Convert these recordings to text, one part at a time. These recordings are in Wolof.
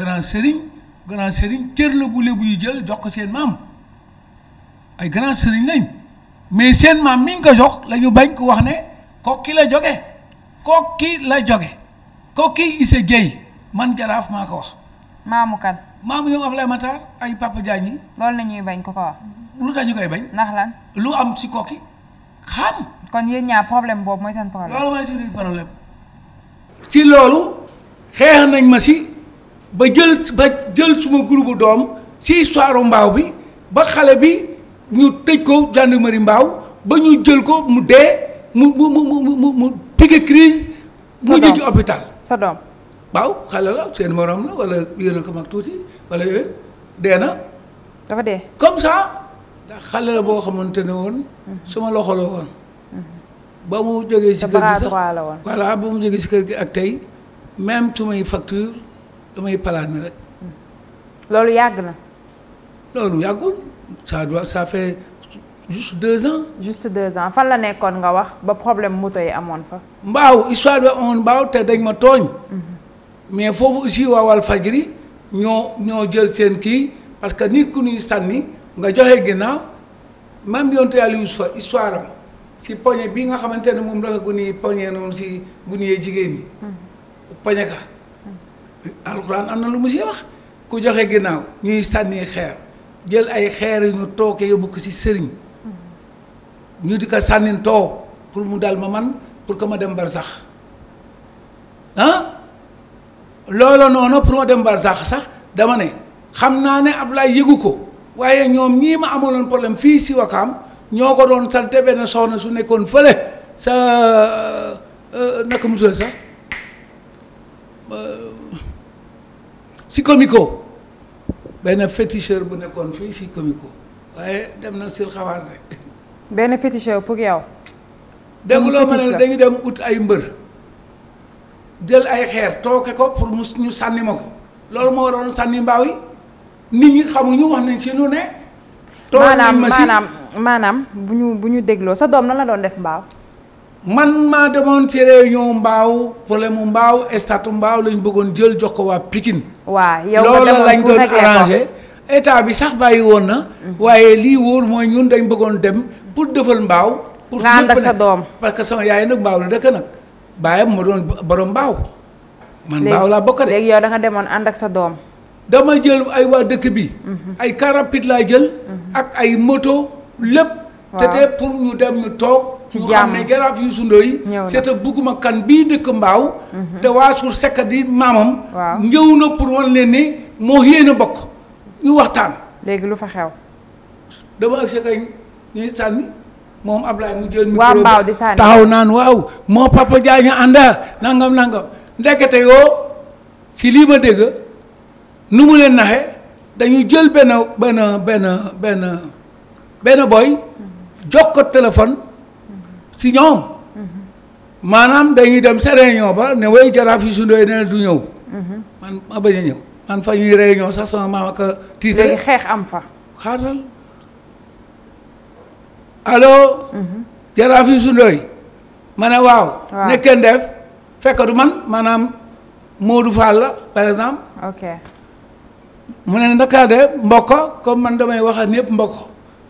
grand serigne grand serigne cër la bu lebu yu jël jox seen maam ay grand serigne lañ mais seen maam miñ ko jox lañu bañ ko wax ne kokki la joge kokki la joge kokki isa gey man jaraaf maa ko wax maamu kan maamu ñoom ablaye matar ay papa jaañ yi loolu la ñuy bañ ko ko wax lu tax koy bañ lan lu am si kokki xam kon problem ñaar problème boobu mooy seen problème loolu mooy suñu problème ci loolu xeex nañ ma si ba jël ba jël suma groupe doom si histoire mbaaw bi ba xale bi ñu tëj ko gendarmerie mbaaw ba ñu jël ko mu dee mu mu mu mu mu mu piqué crise mu jëj hôpital sa doom waaw xale la seen morom la wala yéen ko mag tuuti wala yooyu dee na dafa dee comme ça ndax xale la boo xamante ne mhm. suma loxo la woon mhm. ba mu kër gi sax ba mu kër gi ak même facture damay palaat mi rek. loolu yàgg na. loolu yàggul ça doit ça fait juste deux ans. juste deux ans fan la nekkoon nga wax ba problème moto yi amoon fa. mbaaw histoire bi amoon mbaaw te dañ ma tooñ. Mhm. mais foofu aussi waa Walfadjri ñoo ñoo jël seen kii parce que nit ku ñuy sànni nga joxe ginnaaw même yonte yàlla Yuusufa histoire si poñe bi nga xamante ne moom la ko guni poñe si guni yee jigéen ñi. Mhm. ka. alquran am na lu mu si wax ku joxe ginnaaw ñuy sànni xeer jël ay xeer yu ñu tooke yóbbu ko si sëriñ ñu di ko sànnin too pour mu dal ma man pour que ma dem bar ah loola pour ma dem bar sax sax dama ne xam naa ne ablaay yëgu ko waaye ñoom ma amaloon problème fii si wakaam ñoo ko doon sante benn soxna su sa euh, euh, naka mu sax si comico benn féticheur bu nekkoon fii si comico waaye dem na sil xawaante benn féticheur pour yow dégguloo dañu dem ut ay mbër jël ay xeer tooke ko pour mu ñu sànni ma ko loolu moo waroon sànni mbaaw yi nit ñi xamuñu wax nañ si lu ne maanaam maanaam maanaam bu ñu bu ñu dégloo sa doom na la doon def mbaaw man maa demoon ci réunion mbaaw problème mu mbaaw état mbaaw lañu bëggoon jël jox ko waa Pikine. waa yow loola lañ doon arrangé état bi sax bàyyi woon na. Mhm. waaye lii wóor mooy ñun dañ bëggoon dem pour defal mbaaw. pour nga ànd sa doom parce que sama yaay nag mbaaw la dëkk nag baayam ma doon borom mbaaw. man mbaaw laa bokk de léegi yow da demoon ànd ak sa doom. dama jël ay waa dëkk bi. Mhm. ay car laa jël. Mhm. ak ay moto lépp. te te pour ñu dem ñu toog. ci jàmm xam ne seeta bugguma kan bii dëkk mbaaw mhm. te waa suur sekkat di maamam ñëw na pour wan leen ne moo yéen a bokk ñu waxtaan léegi lu fa xew dama ak sekkat ñuy sànni moom Ablaye mu jël micro bi taxaw naan waaw moo papa jaay ñu ànda nangam nangam ndekete yoo si lii ma dégg nu mu leen naxe dañu jël benn benn benn mhm. jox ko téléphone si ñoom. maanaam dañuy dem sa réunion ba ne way jaraaf yi sundooy ne du ñëw. man ma bañ a ñëw man fa ñuy réunion sax sama maam a. tiitale léegi xeex am fa. xaaral allo. jaraaf yi sundooy ma ne waaw. waaw nekkee def fekk du man maanaam Modou Fall la par exemple. ok mu ne naka def mbokk comme man damay wax ak ñëpp mbokk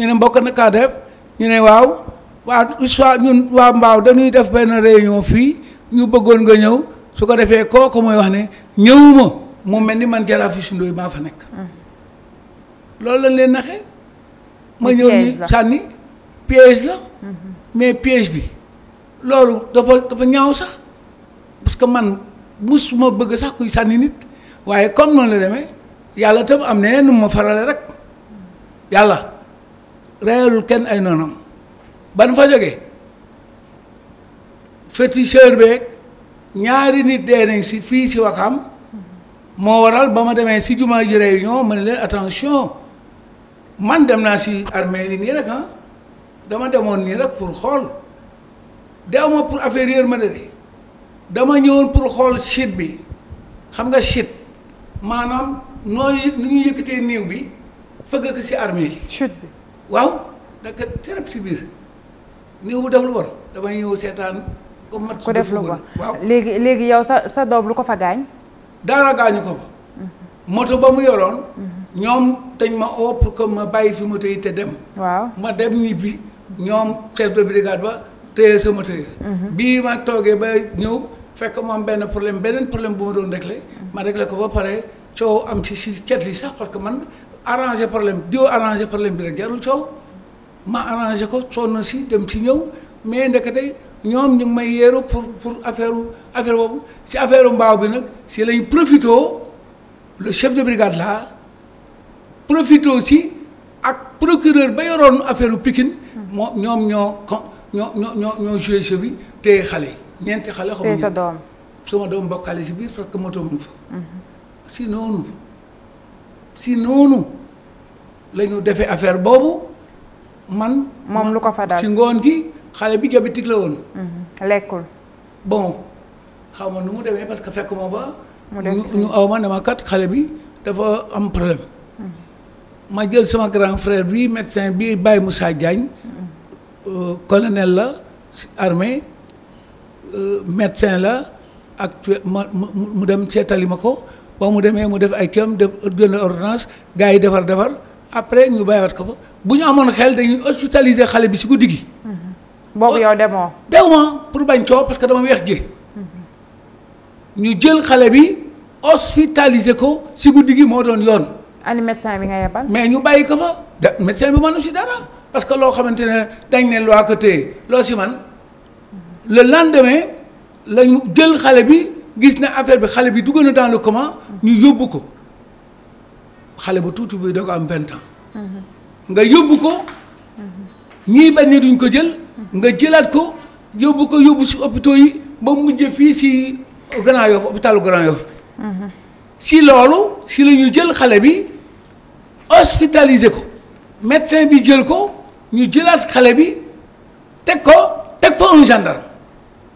ñu mbokk naka def ñu waaw. waa histoire ñun waa mbaaw dañuy def benn réunion fii ñu bëggoon nga ñëw su ko defee kooku mooy wax ne ñëwuma mu mel ni man jaraaf Youssou Ndoye maa fa nekk. loolu lañ leen naxee. ma ñëw ni sànni piège la. Mhm. mais piège bi loolu dafa dafa ñaaw sax parce que man ma bëgg sax kuy sànni nit waaye comme noonu la demee yàlla tam am na nu ma farale rek yàlla reyalul kenn ay noonam. ban fa jógee féticheur beeg ñaari nit dee nañ si fii si Wakam moo waral ba ma demee si jumaa ji réunion ma ne leen attention man dem naa si armée yi nii rek ah dama demoon nii rek pour xool dew ma pour affaire yërmande de dama ñëwoon pour xool site bi xam nga site maanaam nooy nu ñuy yëkkatee néew bi fëgg ko si armée yi. chute bi waaw da nga terap si biir. néew bu def lu bon damay ñëw seetaan ko mat. ku def lu bon waaw léegi léegi yow sa sa doom lu ko fa gaañ. daara gaañu ko fa. Mhm. moto ba mu yoroon. Mhm. ñoom dañ ma oo pour ma bàyyi fi moto yi te dem. waaw ma dem ñibbi ñoom chef de brigade ba téye sa moto yi. Mhm. bii ma toogee ba ñëw fekk moom benn problème beneen problème bu ma doon réglé. ma réglé ko ba pare coow am ci si cet li sax parce que man arrangé problème diw arrangé problème bi rek jarul coow. ma arrangé ko sonn si dem si ñëw mais ndekete ñoom ñu ngi may yeeru pour pour affaire affaire boobu si affaire mbaaw bi nag si lañ profité le chef de brigade là profité aussi ak procureur ba yoroon affaire Pikine. Mhm. moo ñoom ñoo ko ñoo ñoo ñoo ñoo joué ce bi téye xale yi. ñeenti xale xaw ma téye sa doom sama doom bokkaale si biir parce que moto mu fa. Mhm. si noonu si noonu la ñu affaire boobu. man. moom lu ko fa dal si ngoon gi xale bi diabétique la woon. Mhm. lekkul. bon xaw ma nu mu demee parce que fekk ma ba. mu ñu ma ne ma xale bi dafa am mhm. jël sama grand bi médecin bi Baye Moussa Diagne. Mhm. Euh, colonel la si armée euh, médecin la actuel ma mu dem seetali ma ko ba mu demee mu def ay kéem def ordonnance gars yi defar defar. après ñu bàyyiwaat ko fa bu ñu amoon xel dañuy hospitaliser xale bi si guddi gi. Mm-hmm. boobu yow demoo. demoo pour bañ coow parce que dama weex jë mm-hmm. ñu jël xale bi hospitaliser ko si guddi gi moo doon yoon. ani médecin bi nga yebal. mais ñu bàyyi ko fa da médecin bi mënu si dara parce que loo xamante ne dañ ne loo ko téye loo si man mm-hmm. la lendemain la ñu jël xale bi gis ne affaire bi xale bi dugg na dans le coma ñu yóbbu ko. xale bu tuuti buy ko am vingt mhm. nga yóbbu ko mhm. ñii bañ ne duñ ko jël nga jëlaat ko yóbbu ko yóbbu si hôpitaux yi ba mujjee fii si Grand Yoff hôpitalu Grand Yoff mhm. si loolu si la jël xale bi hospitalisé ko médecin bi jël ko ñu jëlaat xale bi teg ko teg ko un gendarme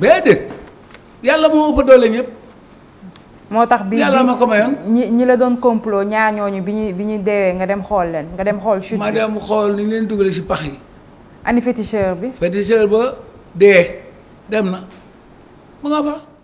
déedéet yàlla moo ëpp doole ñëpp. moo tax bi yàlla ma ko mayoon ñi ñi la doon complot ñaar ñooñu bi ñuy bi ñuy deewee nga dem xool leen nga dem xool. chute ma dem xool ni ñu leen dugalee si pax yi. ani féticheur bi. féticheur ba dee dem na mu nga fa.